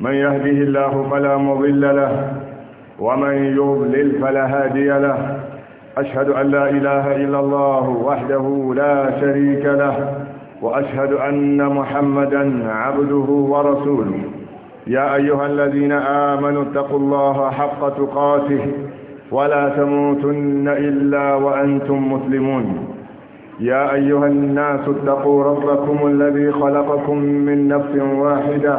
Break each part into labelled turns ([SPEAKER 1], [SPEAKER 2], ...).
[SPEAKER 1] من يهده الله فلا مضل له ومن يضلل فلا هادي له أشهد أن لا إله إلا الله وحده لا شريك له وأشهد أن محمدا عبده ورسوله يا أيها الذين آمنوا اتقوا الله حق تقاته ولا تموتن إلا وأنتم مسلمون يا أيها الناس اتقوا ربكم الذي خلقكم من نفس واحدة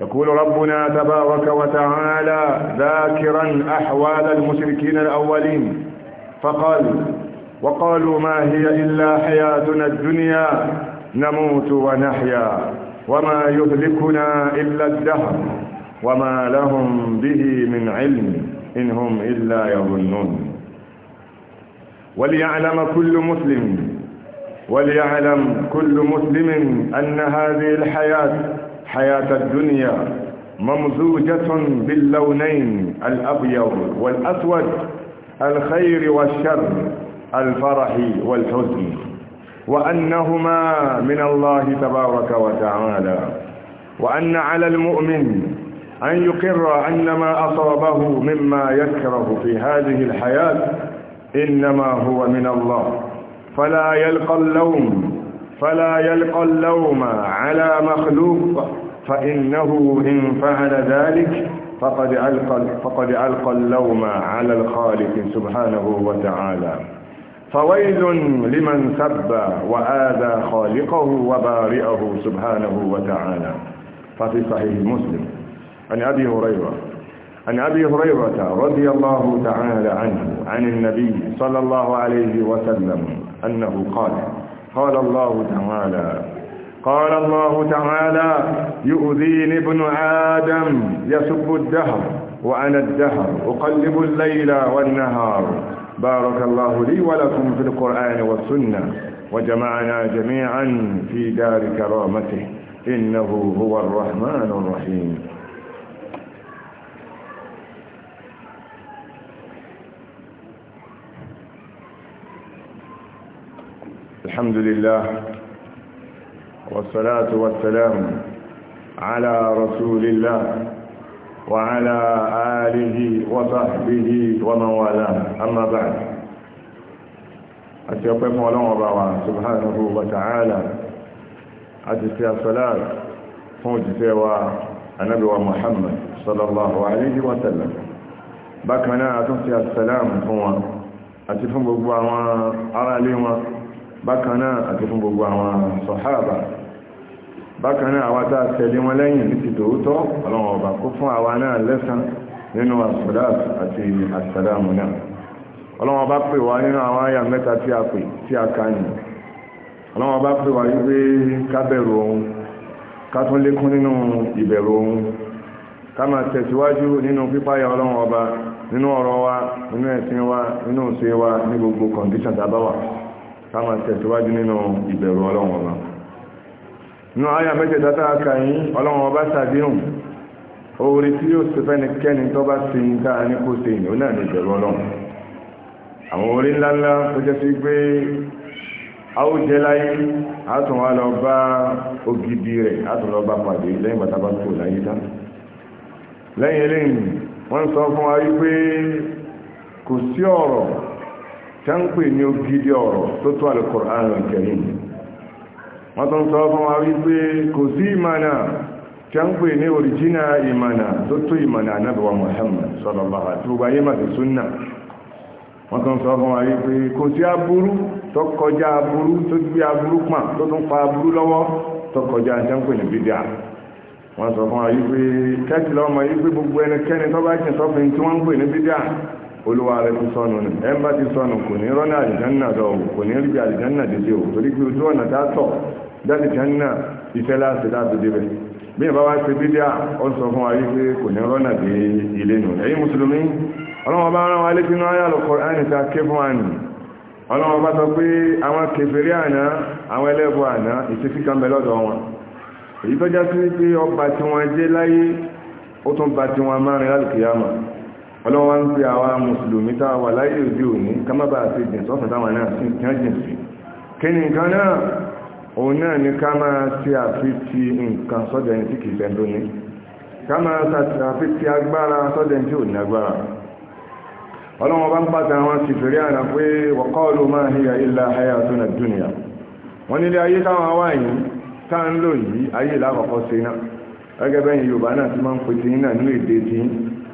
[SPEAKER 1] يقول ربنا تبارك وتعالى ذاكرا أحوال المشركين الأولين فقال وقالوا ما هي إلا حياتنا الدنيا نموت ونحيا وما يهلكنا إلا الدهر وما لهم به من علم إن هم إلا يظنون وليعلم كل مسلم وليعلم كل مسلم أن هذه الحياة حياة الدنيا ممزوجة باللونين الأبيض والأسود الخير والشر الفرح والحزن وأنهما من الله تبارك وتعالى وأن على المؤمن أن يقر أن ما أصابه مما يكره في هذه الحياة إنما هو من الله فلا يلقى اللوم فلا يلقى اللوم على مخلوق فإنه إن فعل ذلك فقد ألقى, فقد ألقى اللوم على الخالق سبحانه وتعالى فويل لمن سب وآذى خالقه وبارئه سبحانه وتعالى ففي صحيح مسلم عن أبي هريرة عن أبي هريرة رضي الله تعالى عنه عن النبي صلى الله عليه وسلم أنه قال قال الله تعالى قال الله تعالى يؤذيني ابن آدم يسب الدهر وأنا الدهر أقلب الليل والنهار بارك الله لي ولكم في القرآن والسنة وجمعنا جميعا في دار كرامته إنه هو الرحمن الرحيم الحمد لله والصلاة والسلام على رسول الله وعلى آله وصحبه ومن والاه أما بعد أتيقف ولو بابا سبحانه وتعالى أتسيا الصلاة فوجسوا النبي محمد صلى الله عليه وسلم بكنا أتسيا السلام هو أتفهم بقوا أرى لي bákanáà àti fún gbogbo àwọn sọ̀háàbà bákanáà àwa tá a tẹ̀lé wọn lẹ́yìn ní ti tòótọ́ ọlọ́run ọba kó fún àwa náà lẹ́san nínú as-salat àti as-salamu náà ọlọ́run ọba pè wá nínú àwọn àyà mẹ́ta tí a pè tí a kà ní ọlọ́run ọba pè wá wípé ní gbogbo kọ̀ǹdíṣàn tá káàmà tẹ̀síwájú nínú ìbẹ̀rù ọlọ́run ọba nínú àyà mẹ́tẹ̀ẹ̀ta tá a kà yín ọlọ́run ọba ṣàdéhùn oore tí yóò ṣe fẹ́nikẹ́ni tó bá ṣe ń dáa ní kó ṣe ìnáwó náà ní ìbẹ̀rù ọlọ́run àwọn orí ńláńlá tó jẹ́ sí pé àwùjẹ láyé àtún wa lọ bá ògidì táǹpì ní ògidì ọ̀rọ̀ tó tó Al-Qur'an Al-Karim wọ́n tó ń sọ fún wa wípé kò sí ìmànà táǹpì ní òrìjínà ìmànà tó tó ìmànà anábíwa Muhammad sallallahu àti gbogbo ayé màtí súnà wọ́n tó ń sọ fún wa wípé kò sí aburú tó kọjá aburú tó gbé aburú pà tó tún pa aburú lọ́wọ́ tó kọjá táǹpì ní bídíà wọ́n sọ fún wa wípé kẹ́kìlọ́ ọmọ wípé gbogbo ẹnikẹ́ni tó bá jìn sọ́fin tí wọ́n ń pè ní bídíà oluwa rẹ̀ ti sọnù nù ẹ̀mbá ti kò ní rọ́nà kò ní rí dédé o torí ojú ọ̀nà tá tọ̀ iṣẹ́ láti láti débẹ̀ bí ìbá wá ṣe ó sọ fún wa yí kò ní rọ́nà dé ilé nù mùsùlùmí ọlọ́wọ́n bá rán wa létí ta ké fún wa nì ọlọ́wọ́n bá sọ pé àwọn ọlọ́wọ́n ń pè àwa mùsùlùmí tá a wà láyé òdí òní kámábà àti ìjìn sọ́fà táwọn náà sí kí wọ́n jìn sí kí ni nǹkan náà òun náà ni ká máa ṣe àfitì nǹkan sọ́dọ̀ ẹni tí kìí fẹ́ lóní ká máa ṣàfitì agbára sọ́dọ̀ ẹni tí ò ní agbára ọlọ́wọ́n bá ń pàtà àwọn kìfèrè àná pé wọ́kọ́ọ̀lù máa hìyà ilá ayá tó nà dúnìyà wọ́n nílé ayé táwọn wáyìí tá ń lò yìí ayé lákọ̀ọ́kọ́ sí náà gẹ́gẹ́ bẹ́yìn Yorùbá náà ti máa ń pè tí náà nínú èdè tí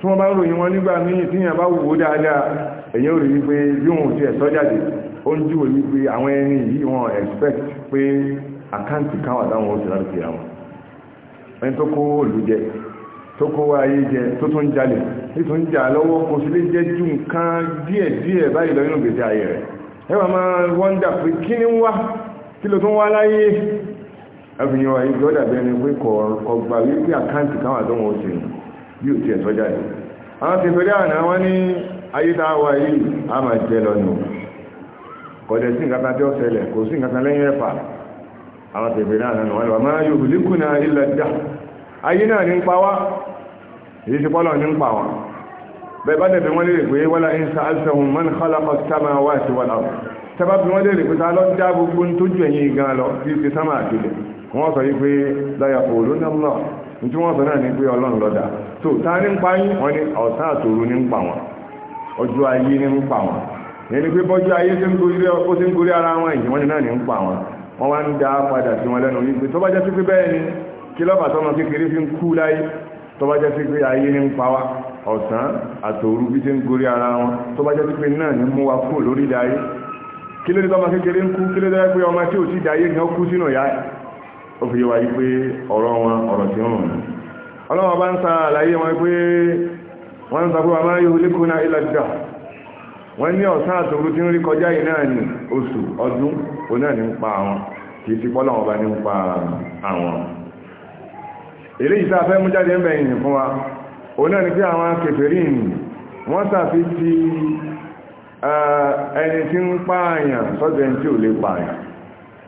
[SPEAKER 1] tí wọ́n bá ròyìn wọn nígbà míì tí yàn bá wò dáadáa èyàn rí wípé bí wọn ti ẹ̀sọ́ jáde ó ń júwò wípé àwọn ẹni yìí wọn expect pé àkáǹtì káwà dáwọn oṣù láti fìyà wọn ẹni tó kó olùjẹ tó kó ayé jẹ tó tún jalè tó ń jà lọ́wọ́ kò sí lè jẹ́ ju nǹkan díẹ̀ díẹ̀ báyìí lọ nínú ayé rẹ̀ ẹ wà máa wọ́ndà pé kí ni wá kí ló tún wá láyé ẹbìnrin wa yìí lọ́dà bẹ́ẹ̀ ni pé kọ̀ wípé àkáǹtì káwà dáwọn oṣù bí ò tí ẹ̀ sọ́jà yìí àwọn ti fẹ́rẹ́ àná wọ́n ní ayétáwà yìí a máa jẹ lọ nù kọ̀dẹ̀ sí nǹkan tí ó ṣẹlẹ̀ kò sí nǹkan lẹ́yìn ẹ̀fà àwọn ti fẹ́rẹ́ àná wọn lọ máa yóò líkù náà ilẹ̀ dà ayé náà ní ń pa wá èyí ti pọ́lọ̀ ní ń pa wá bẹ́ẹ̀ bá dẹ̀ wọ́n lè pé wọ́lá ń sa alṣahun man khalaqa sama wa ti wà láwọ̀ sábà bí wọ́n lè rí pẹ́ta lọ dá gbogbo tó jù ẹ̀yìn gan lọ tí ti sámà àti ilẹ̀ wọ́n sọ yí pé láyà òòlù náà tí wọ́n sọ náà ní pé ọlọ́run lọ́dà tó ta ní ń pa yín wọ́n ní ọ̀sán àtòru ní ń pa wọn ọjọ́ ayé ní ń pa wọn ẹni pé bọ́jú ayé tí ó ti ń gorí ara wọn ìyí wọ́n ní náà ní ń pa wọn wọ́n wá ń dá padà sí wọn lẹ́nu wípé tó bá jẹ́ sí ni kí lọ́bà tọ́mọ kékeré fi ń kú láyé tó bá jẹ́ sí pé ayé ní ń pa wá ọ̀sán bí ti ń gorí ara wọn tó bá jẹ́ náà ní mú wa kú lórí ilẹ̀ kí ló ní kékeré ń kú kí ló dẹ́ pé ọmọ tí ò ti dá ayé gan kú sínú ìyá ó fi ọ̀rọ̀ wọn ọ̀rọ̀ ọlọ́wọ́ bá ń sa àlàyé wọn ikpe wọ́n ń sọ pé àmá lékún náà ìlàjá wọ́n ní ọ̀sán tí rí kọjá yìí náà ní oṣù ọdún ó náà àwọn ti pọ́ lọ́wọ́ bá àwọn èlé mú jáde fún wa ó náà àwọn wọ́n sàfi ti eh, ẹni tí ń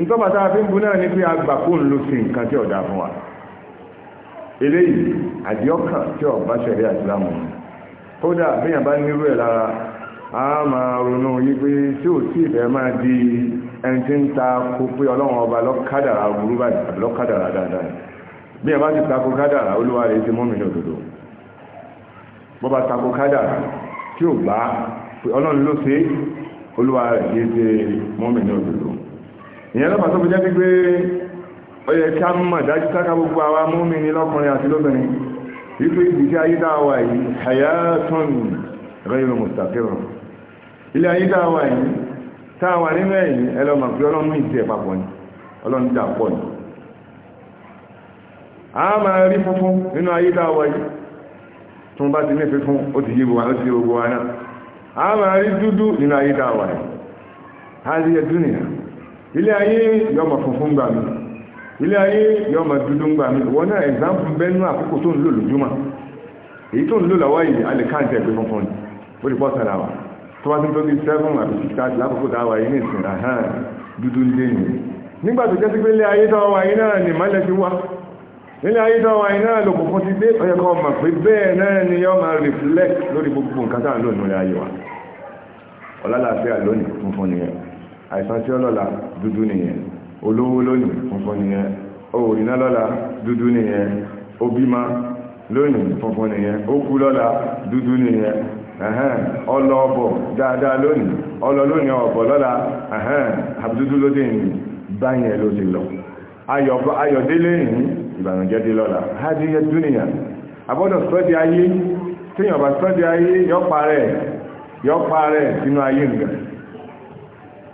[SPEAKER 1] nǹkan bàtà fi ń bu náà ní pé agbà kó ń lo sí nǹkan tí ọ̀dà fún wa eléyìí àdìọ́kàn tí ọ̀bá ṣẹ̀rí àtìlámù kódà bíyàn bá nírú ẹ̀ lára a máa ronú yípe tí ò tí ìfẹ́ máa di ẹni tí ń ta kó pé ọlọ́run ọba lọ́kádàrà burú báyìí lọ́kádàrà dáadáa bíyàn bá ti takò kádàrà olúwa rẹ̀ ti mọ́mí ní òdòdó bọ́ bá takò kádàrà tí ò bá ọlọ́run ló ṣe olúwa rẹ̀ ti ṣe mọ́mí ní òdòdó ìyẹn lọ́pàá tó fi jẹ́ pípé ó yẹ kí a mọ̀ dájú gbogbo lọ́kùnrin àti lóbìnrin wípé ayédáwà yìí ilé ayédáwà yìí táwà nínú ẹ̀yìn pé papọ̀ ni ọlọ́run dà pọ̀ ni a máa rí funfun nínú ayédáwà yìí tó bá ti ní fífún ó ti yí gbogbo wa náà a máa rí dúdú nínú ayédáwà yìí ilé ayé yọmọ funfun gbà mí ilé ayé yọmọ dúdú gbà mí wọn náà ẹ̀zámpù bẹ́nu àkókò tó ń lò lójúmọ́ èyí tó ń lò lọ́wọ́ yìí a lè káàntì ẹ̀gbẹ́ funfun ni ó lè pọ́ sára wa tó bá ti tó bí seven àti six thirty lákòókò tá a wà yìí ní ìsìn àhán dúdú ń dé ni nígbà tó jẹ́ sí pé ilé ayé tó wà yìí náà ni mọ́lẹ̀ ti wá ilé ayé tó wà yìí náà lò funfun ti dé ọ̀yẹ́ kan mọ̀ pé bẹ́ẹ̀ náà ni yọ máa reflect lórí gbogbo nǹkan tá à ń lò nílé ayé wa ọ̀làlàáfíà lónìí funfun nìyẹn àìsàn tí ó lọ́la dúdú nìyẹn olówó lónìí funfun nìyẹn òrìná lọ́la dúdú nìyẹn obímá lónìí funfun nìyẹn ó lọ́la dúdú nìyẹn ọlọ ọbọ̀ dáadáa lónìí ọlọ lónìí ọbọ̀ lọ́la àbúdúdú lọ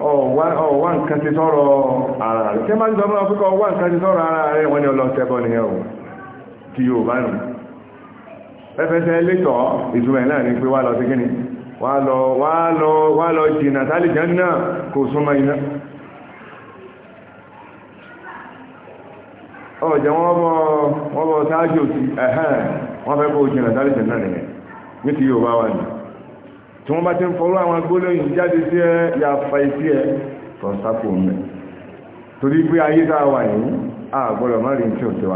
[SPEAKER 1] ọ̀wá nǹkan ti sọ̀rọ̀ ara rẹ̀ tí a máa ń sọmọ́ ọ̀fíkọ́ ọwá nǹkan ti ara rẹ̀ wọ́n ni ọlọ́tẹ́bọ̀ ni ẹ̀ yóò bá nù ẹfẹsẹ̀ lẹ́tọ̀ ìtumẹ̀ náà ni pé wá lọ sí kíni wá lọ jìnà tálì jẹ́nà kò súnmọ́ iná wọ́n bọ́ wọ́n bọ́ ẹ̀hẹ́ wọ́n fẹ́ kó jìnà tálì wà tí wọ́n bá ti ń fọwọ́ àwọn jáde sí ya fa etí ẹ tọ́ mẹ́ torí pé ayé tá wà a má rí ní tí ò lọ́rùn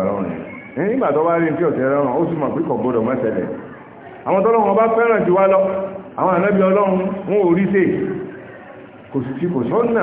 [SPEAKER 1] bá rí ní tí ò ti rẹ́rùn ó sì mọ̀ pé kò gbọ́dọ̀ mẹ́sẹ̀lẹ̀ àwọn tọ́lọ́wọ́n bá fẹ́ràn ti wá lọ àwọn ànábì ọlọ́run wọn ò rí tè kò kò sọ́nà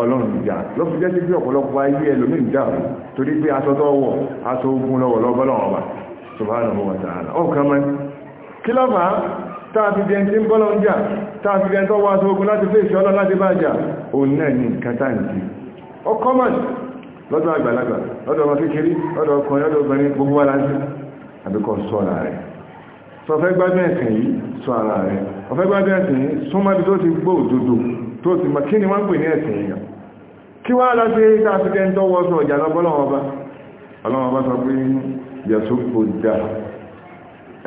[SPEAKER 1] ọlọ́run ìjà ló fi jẹ́ sí pé ọ̀pọ̀lọpọ̀ ayé ẹlòmí ìjà torí pé aṣọ tó wọ̀ aṣọ ogun lọ́wọ́ lọ́bọ́lọ́wọ́ bá subhanahu wa ta'ala ọ̀kan mẹ́ kí ló fà á táàfi jẹ́ tí ń bọ́lọ́ ń jà táàfi jẹ́ tó wọ aṣọ ogun láti fẹ́ ìṣọ́lọ́ láti bá jà òun náà ní nǹkan táǹkì ọkọ́ mọ̀ lọ́dọ̀ àgbàlagbà lọ́dọ̀ ọmọ kékeré lọ́dọ̀ ọkùnrin lọ́dọ̀ obìnrin gbogbo wa láti àbíkọ́ sọ ara rẹ̀ sọ fẹ́ gbádùn ẹ̀sìn yìí sọ ara rẹ̀ ọ̀fẹ́ gbádùn ẹ̀sìn yìí súnmọ́ ibi tó ti gbó òdodo tó ti mọ̀ kí ni wọ́n pè ní ẹ̀sìn èèyàn kí wá lọ sí káàkiri tó wọ́ sọ ọjà lọ́gbọ́lọ́wọ́ba ọlọ́wọ́ba sọ pé yẹ̀sùn kò dà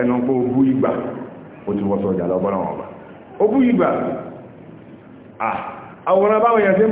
[SPEAKER 1] ẹnu pé ogún ìgbà ó ti wọ́ sọ ọjà lọ́gbọ́lọ́wọ́ba ogún ìgbà àwòrán báwọn yẹ̀sùn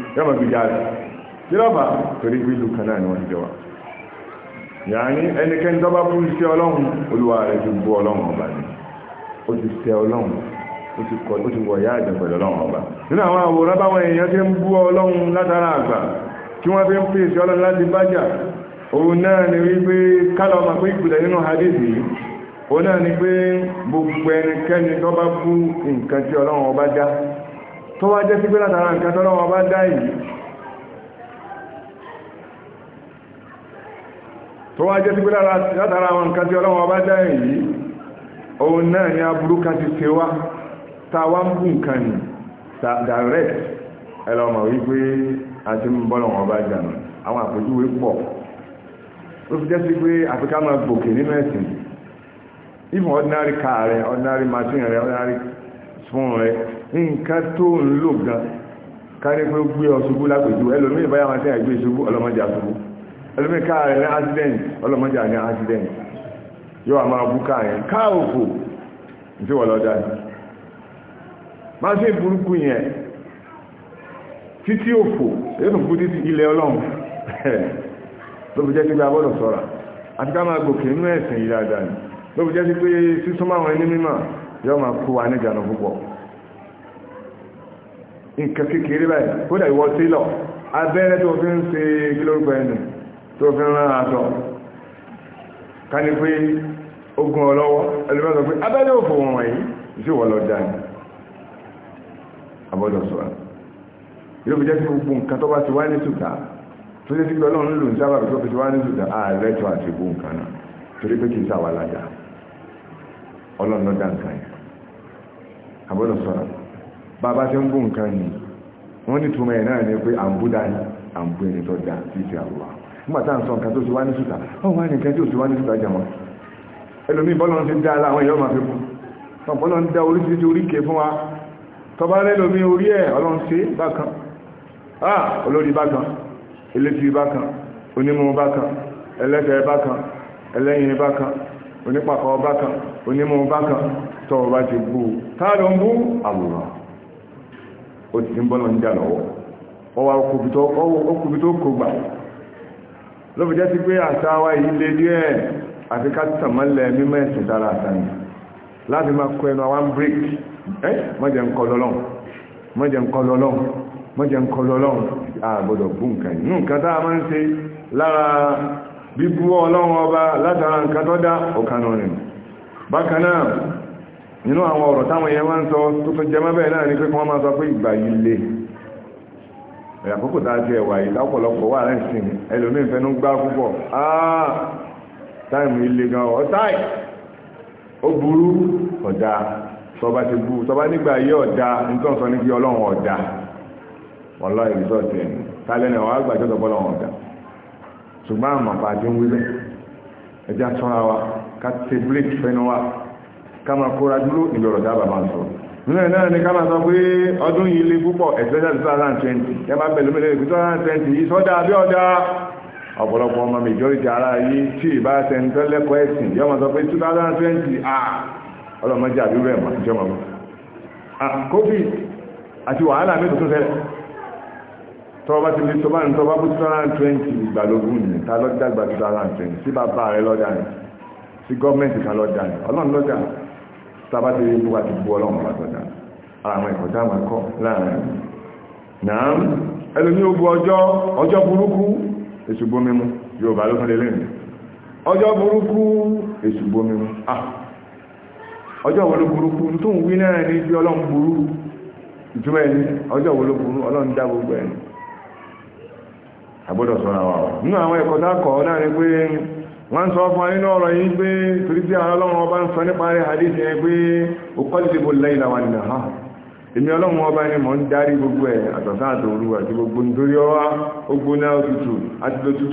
[SPEAKER 1] yọ́mọ̀ gbé jáde kí lọ́bà torí gbílù kanáà ni wọ́n jẹ́ wa yàní ẹnikẹ́ni tó bá fún iṣẹ́ ọlọ́run olúwa rẹ̀ ti bú ọlọ́run ọba ni ó ti ṣẹ ọlọ́run ó ti kọ ó ti wọ̀ yá àjẹ́ pẹ̀lú ọlọ́run ọba nínú àwọn àwòrán báwọn èèyàn ti ń bú ọlọ́run látara àgbà tí wọ́n fi ń fi iṣẹ́ ọlọ́run láti bájà òun náà ni wípé kálọ̀ ọmọ pé ìpìlẹ̀ nínú hadith yìí òun náà ni pé gbogbo ẹnikẹ́ni tó bá bú nǹkan tí ọlọ́run ọba já tó wá jẹ́ sí pé látara nǹkan tọ́lọ́wọ́ bá dá yìí tó wá jẹ́ sí pé látara àwọn nǹkan tí ọlọ́wọ́ bá dá náà ni ti ṣe wá ta wá ń bú nǹkan ni direct ẹlọ́mọ̀ wípé àti ń bọ́lọ̀wọ́ bá jànà àwọn àpèjúwe pọ̀ ó fi jẹ́ sí pé àfikà máa gbòkè nínú ẹ̀sìn even ordinary car rẹ ordinary machine nǹkan tó ń lò gan kárí pé ó gbé ọṣubú lápèjú ẹlòmí ìbáyà máa tẹ́ àgbé ìṣubú ọlọ́mọdé àṣubú ẹlòmí káàrẹ̀ ní accident ọlọ́mọdé àní accident yóò àmà bú káàrẹ̀ káàkò tí wọ́n lọ́dá máa ṣe burúkú yẹn títí òfò yóò títí ilẹ̀ ọlọ́run nǹkan kékeré báyìí kódà ìwọ sílọ̀ abẹ́rẹ́ tó fi ń ṣe kílórúkọ ẹnu tó fi ń rán aṣọ ká ní pé ogun ọlọ́wọ́ ẹlùmọ́sọ pé abẹ́rẹ́ òfò wọn wọ̀nyí sí wọ́n lọ dáni abọ́dọ̀ sọ́ra yóò fi jẹ́ sí gbogbo nǹkan tó bá ti wá ní ṣùgbà tó jẹ́ sí pé ọlọ́run lò ń sábà tó fi ti wá ní ṣùgbà ààrẹ tó àti gbogbo nǹkan náà torí bàbá tí ń bú nǹkan ni wọ́n ní túnmọ̀ ẹ̀ náà ní pé àǹbúdá ní àǹbú ẹni tó dá sí ti àwọ̀ nígbàtà ń sọ nǹkan tó ti wá ní ṣùtà wọ́n wá nìkan tó ti wá ní ṣùtà jẹ wọn ẹlòmí bọ́lọ́n ti dá aláwọn èèyàn máa fi kú ọ̀pọ̀lọ́n dá oríṣiríṣi oríkè fún wa tọba lẹ́lòmí orí ẹ̀ ọlọ́n ṣe bákan ah olórí bákan elétí bákan onímọ̀ bákan ẹlẹ́fẹ̀ẹ́ bákan ẹlẹ́yìn bákan onípàkọ́ bákan onímọ̀ bákan tọ́ọ̀bá ti bú táàdọ̀ ń bú àwòrán ó ń bọ́lọ̀ ń jà lọ́wọ́ ọwà okùbi tó jẹ́ sí pé àṣà yìí lè díẹ̀ àti ká ma mímọ́ ẹ̀sìn dára àtàní láti máa kọ ẹnu àwọn break mọ́jẹ̀ ń mọ́jẹ̀ mọ́jẹ̀ àgbọ̀dọ̀ bú nǹkan nínú àwọn ọ̀rọ̀ táwọn èèyàn máa ń sọ tó tó jẹmọ́ bẹ́ẹ̀ náà ni pé kí wọ́n máa sọ pé ìgbà yìí le ẹ̀yà kókò tá a ti ẹ̀wà yìí lápọ̀lọpọ̀ wà lẹ́sìn ẹlòmíín fẹ́nu gbá púpọ̀ áá táìmù ilé gan ọ̀ táì ó burú ọ̀dà tọba ti bú tọba nígbà yìí ọ̀dà nǹkan sọ ní kí ọlọ́run ọ̀dà wọn lọ ìrísọ̀ tiẹ̀ kálẹ̀ náà wọ́n á gbàjọ́ tọ́ bọ́lọ́run ọ̀dà ṣùgbọ́n àmọ̀pá ti ń wí bẹ́ẹ̀ ẹja tọ́ra wa ká ti bíríkì fẹ́nu wa kama kóra dúró ìyọ̀rọ̀ dábà máa sọ nílẹ̀ náà ni kama sọ pé ọdún yìí lé púpọ̀ especially 2020 ẹ máa bẹ̀lú mílẹ̀ 2020 yìí sọ́dá bí ọ̀dá ọ̀pọ̀lọpọ̀ ọmọ majority ara yìí tí ìbá sẹ́ńtẹ́lẹ́kọ̀ọ́ ẹ̀sìn yọ máa sọ pé 2020 ah ọlọ́mọdé àbúrò ẹ̀ máa jọmọ̀ covid àti wàhálà mẹ́tò tó ṣẹlẹ̀ tọ́wọ́ bá ti lè tọ́bá ní tọ́bá bú 2020 ìgbàlógún ní ta lọ́dá gbà 2020 sí bàbá rẹ̀ lọ́dá ní sí gọ́ọ̀mẹ́ntì kan lọ́dá ní ọlọ́run lọ́dá ní sábà ti rí bú àti bú ọlọ́run látọ̀dá àwọn ẹ̀kọ́ táwọn ẹ̀kọ́ láàrin náà ẹlòmí ogun ọjọ́ ọjọ́ burúkú èṣùgbó mímú yóò bá lókún lélẹ́ ọjọ́ burúkú èṣùgbó mímú ọjọ́ wọlé burúkú tó ń wí náà ní bí ọlọ́run burú ọjọ́ wọlé burú ọlọ́run dá gbogbo àgbọ́dọ̀ wọ́n sọ fún nínú ọ̀rọ̀ yìí pé torí ala àwọn ọlọ́run ọba ń sọ nípa rẹ̀ pé ó ha èmi ọlọ́run ọba ni mò ń darí gbogbo ẹ̀ àtọ̀sán àtòrú àti gbogbo nítorí ọwá ó gbóná àti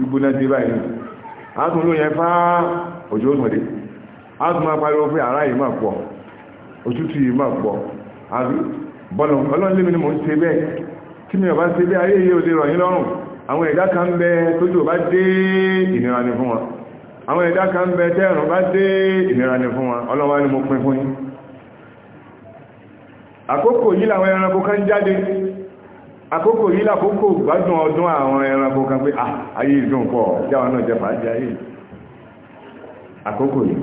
[SPEAKER 1] lọ báyìí ló yẹn fá òjò máa yìí máa pọ̀ òtútù yìí máa pọ̀ bọ́lọ̀ ọlọ́run lé mi ni ń bẹ́ẹ̀ mi ọba bẹ́ẹ̀ ayé àwọn ẹ̀dá kan ń bẹ tójò bá dé ìnira ni fún wọn àwọn ẹ̀dá kan bẹ tẹ́ẹ̀rùn bá dé ìnira ni fún wọn ọlọ́wà ni mo pín fún yín àkókò yìí làwọn ẹranko kan jáde àkókò yìí làkókò gbádùn ọdún àwọn ẹranko kan pé ayé ìdùn pọ̀ jáwọn náà jẹ fàájì ayé àkókò yìí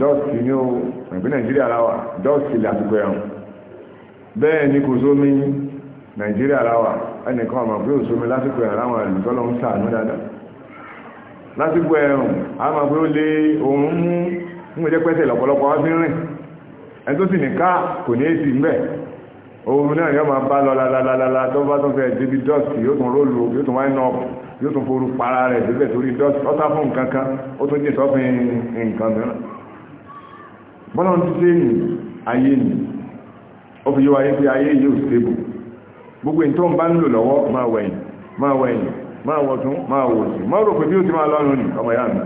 [SPEAKER 1] dọ́ọ̀sì ní o ìpín nàìjíríà láwà dọ́ọ̀sì ilẹ̀ àtúgbò ẹ̀rùn bẹ́ẹ̀ ni kò sómi nàìjíríà láwà ẹnìkan ọmọ pé ò sómi lásìkò ẹ̀rùn láwọn ìlú ń sàánú dáadáa lásìkò a máa pé ó lé òun mú mú pẹ́sẹ̀ lọ́pọ̀lọpọ̀ wá sí rìn ẹni tó sì ní ká kò ní èsì mbẹ̀ náà yóò máa lọ lalalala tó bá tó fẹ́ débi dọ́ọ̀sì yóò tún rólu yóò tún wáyé náà yóò tún para rẹ̀ débẹ̀ torí dọ́ọ̀sì ọ́sá bọ́lọ̀ ti dé ní ayé ní ó fi yíwa yé pé ayé yóò stable gbogbo ìtọ́ ń bá ń lò lọ́wọ́ máa wẹ̀yìn máa wẹ̀yìn máa wọ̀tún máa wòsì máa rò pé bí ó ti máa lọ́rùn ní ọmọ ìyá mi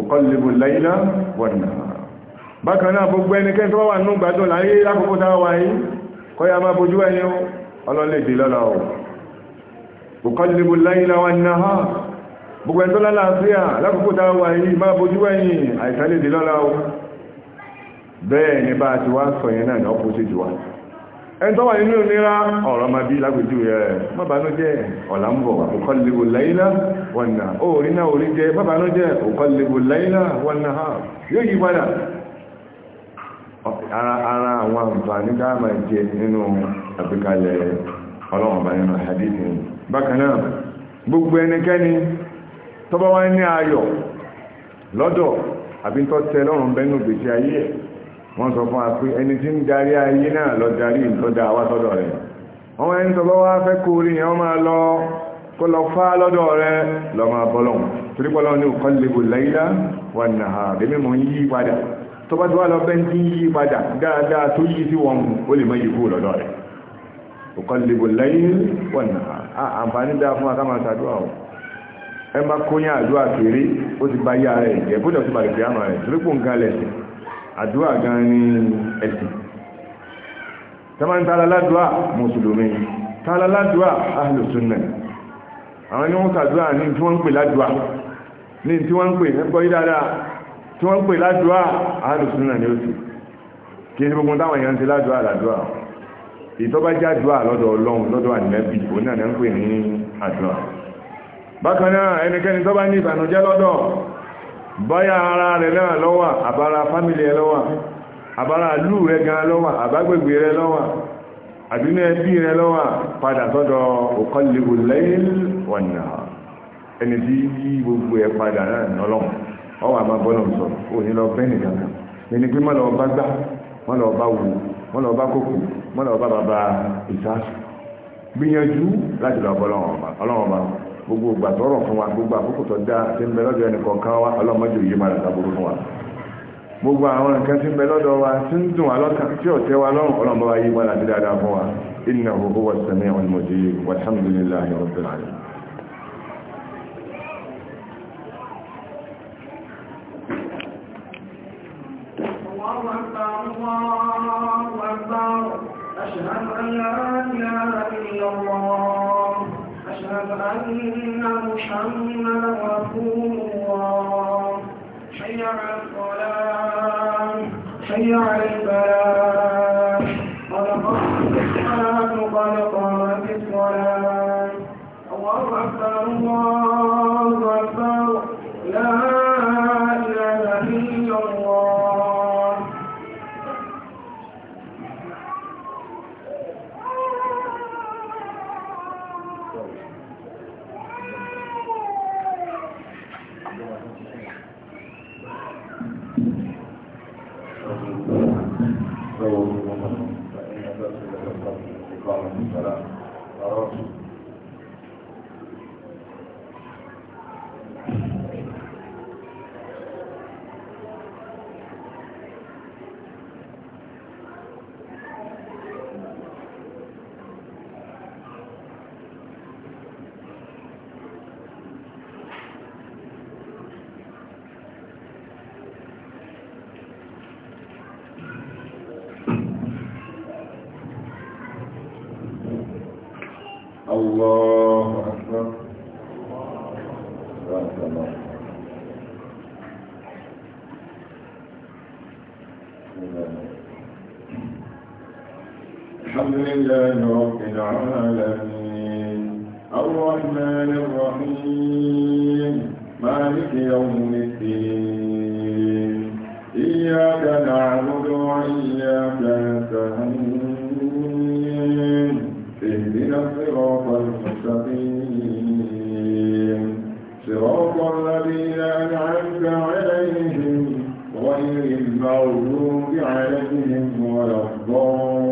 [SPEAKER 1] uqallibu al-layla wan-nahar bákan náà gbogbo ẹnikẹ́ni tó wà nínú gbádùn láyé lákòókò táwọn wáyé kọ́yà máa bojú ẹni ọlọ́lẹ́dẹ̀ lọ́la ọ̀ uqallibu al-layla wan-nahar gbogbo ẹni tó lálàáfíà lákòókò táwọn wáyé máa bojú ẹni àìsàlẹ́dẹ̀ lọ́la ọ̀ bẹ́ẹ̀ ni bá ti wá sọ yẹn náà ní opposite ẹn tó wà nínú ọ̀rọ̀ ma bí lágbèjú rẹ̀ mọ́bánú jẹ́ ọ̀là òkọlẹ̀gbò láìlá wọn náà ori náà orí jẹ́ mọ́bánú jẹ́ òkọlẹ̀gbò láìlá wọn náà yóò yí padà ara àwọn àǹfààní dáàmà jẹ nínú àbíkalẹ̀ ọlọ́run ní wọ́n sọ fún wa pé ẹni tí ń darí ayé náà lọ darí ìlọ́dà wá sọ́dọ̀ rẹ̀ ọmọ ẹni tó bá wá fẹ́ kó orí yẹn wọ́n máa lọ kó lọ fá lọ́dọ̀ rẹ̀ lọ máa bọ́lọ̀ torí pọ́lọ́ ní òkọ́ lebo láìlá wà náà bẹ́ẹ̀ mọ̀ ń yí padà tó bá tó wá lọ bẹ́ẹ̀ ń yí padà dáadáa tó yí sí wọn ó lè mọ́ yí kú lọ́dọ̀ rẹ̀ òkọ́ lebo láìlá wà náà àǹfààní dáa fún aká máa ṣàdúrà o ẹ má kóyán àdúrà kéré ó ti bá yára ẹ̀ jẹ́ bó àdúrà gan ní ẹ̀sìn tẹ́mọ̀ ń tààlà ládùá mùsùlùmí tààlà ládùá ahlùsùnnà àwọn ni wọ́n sàdúrà ní tí wọ́n ń pè ládùá ní tí wọ́n ń pè ẹgbọ́ yí dáadáa tí wọ́n ń pè ládùá ahlùsùnnà ni ó sì kí ní gbogbo táwọn èèyàn ti ládùá ládùá ìtọ́bá já dùá lọ́dọ̀ ọlọ́run lọ́dọ̀ ànẹ́bì òun náà ń pè ní àdùá bákan bọ́yá ara rẹ̀ náà lọ́wà àbára fámílì ẹ lọ́wà àbára lú rẹ̀ gan lọ́wà àbágbègbè rẹ̀ lọ́wà àbínú ẹbí rẹ̀ lọ́wà padà sọ́dọ̀ ẹni tí yí gbogbo ẹ padà náà lọ́wọ́ ọwọ́ gbogbo ìgbà tọrọ fún wa gbogbo àkókò tó a ń bẹ lọ́dọ̀ ẹnì kọ̀ọ̀kan wa ọlọ́mọdé yìí máa burú fún gbogbo àwọn nǹkan tí ń bẹ lọ́dọ̀ wa tí ń dùn tí ò tẹ́ wa lọ́rùn ọlọ́mọ wa yìí máa dáadáa fún wa أن الله حي على حي على الفلاح اهدنا الصراط المستقيم صراط الذين أنعمت عليهم غير المغضوب عليهم ولا الضالين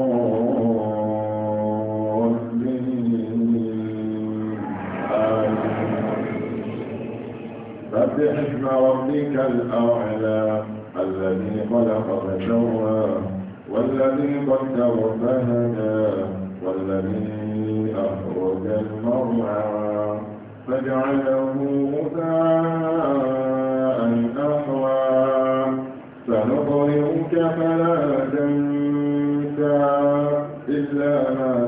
[SPEAKER 1] سبح اسم ربك الأعلى الذي خلق فسوى والذي قدر فهدى والذي أخرج المرعى فجعله غثاء أحوى سنقرئك فلا تنسى إلا ما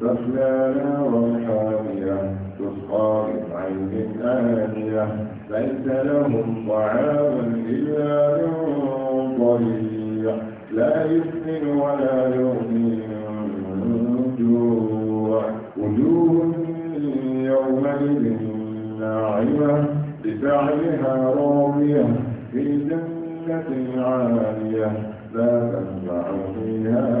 [SPEAKER 1] تصلى نارا حامية تسقى من عين آنية ليس لهم طعام إلا من ضريع لا يسمن ولا يغني من جوع وجوه يومئذ ناعمة لسعيها راضية في جنة عالية لا تسمع فيها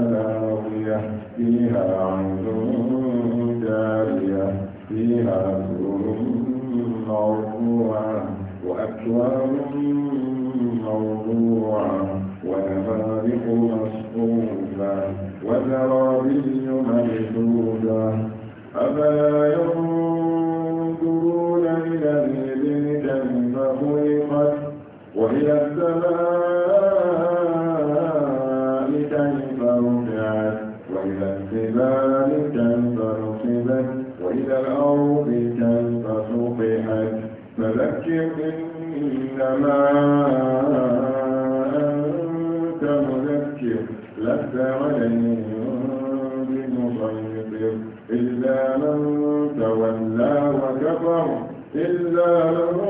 [SPEAKER 1] السماء كيف رفعت وإلى الجبال كيف نصبت وإلى الأرض كيف صبحت فذكر إنما أنت مذكر لست عليهم بمسيطر إلا من تولى وكفر إلا من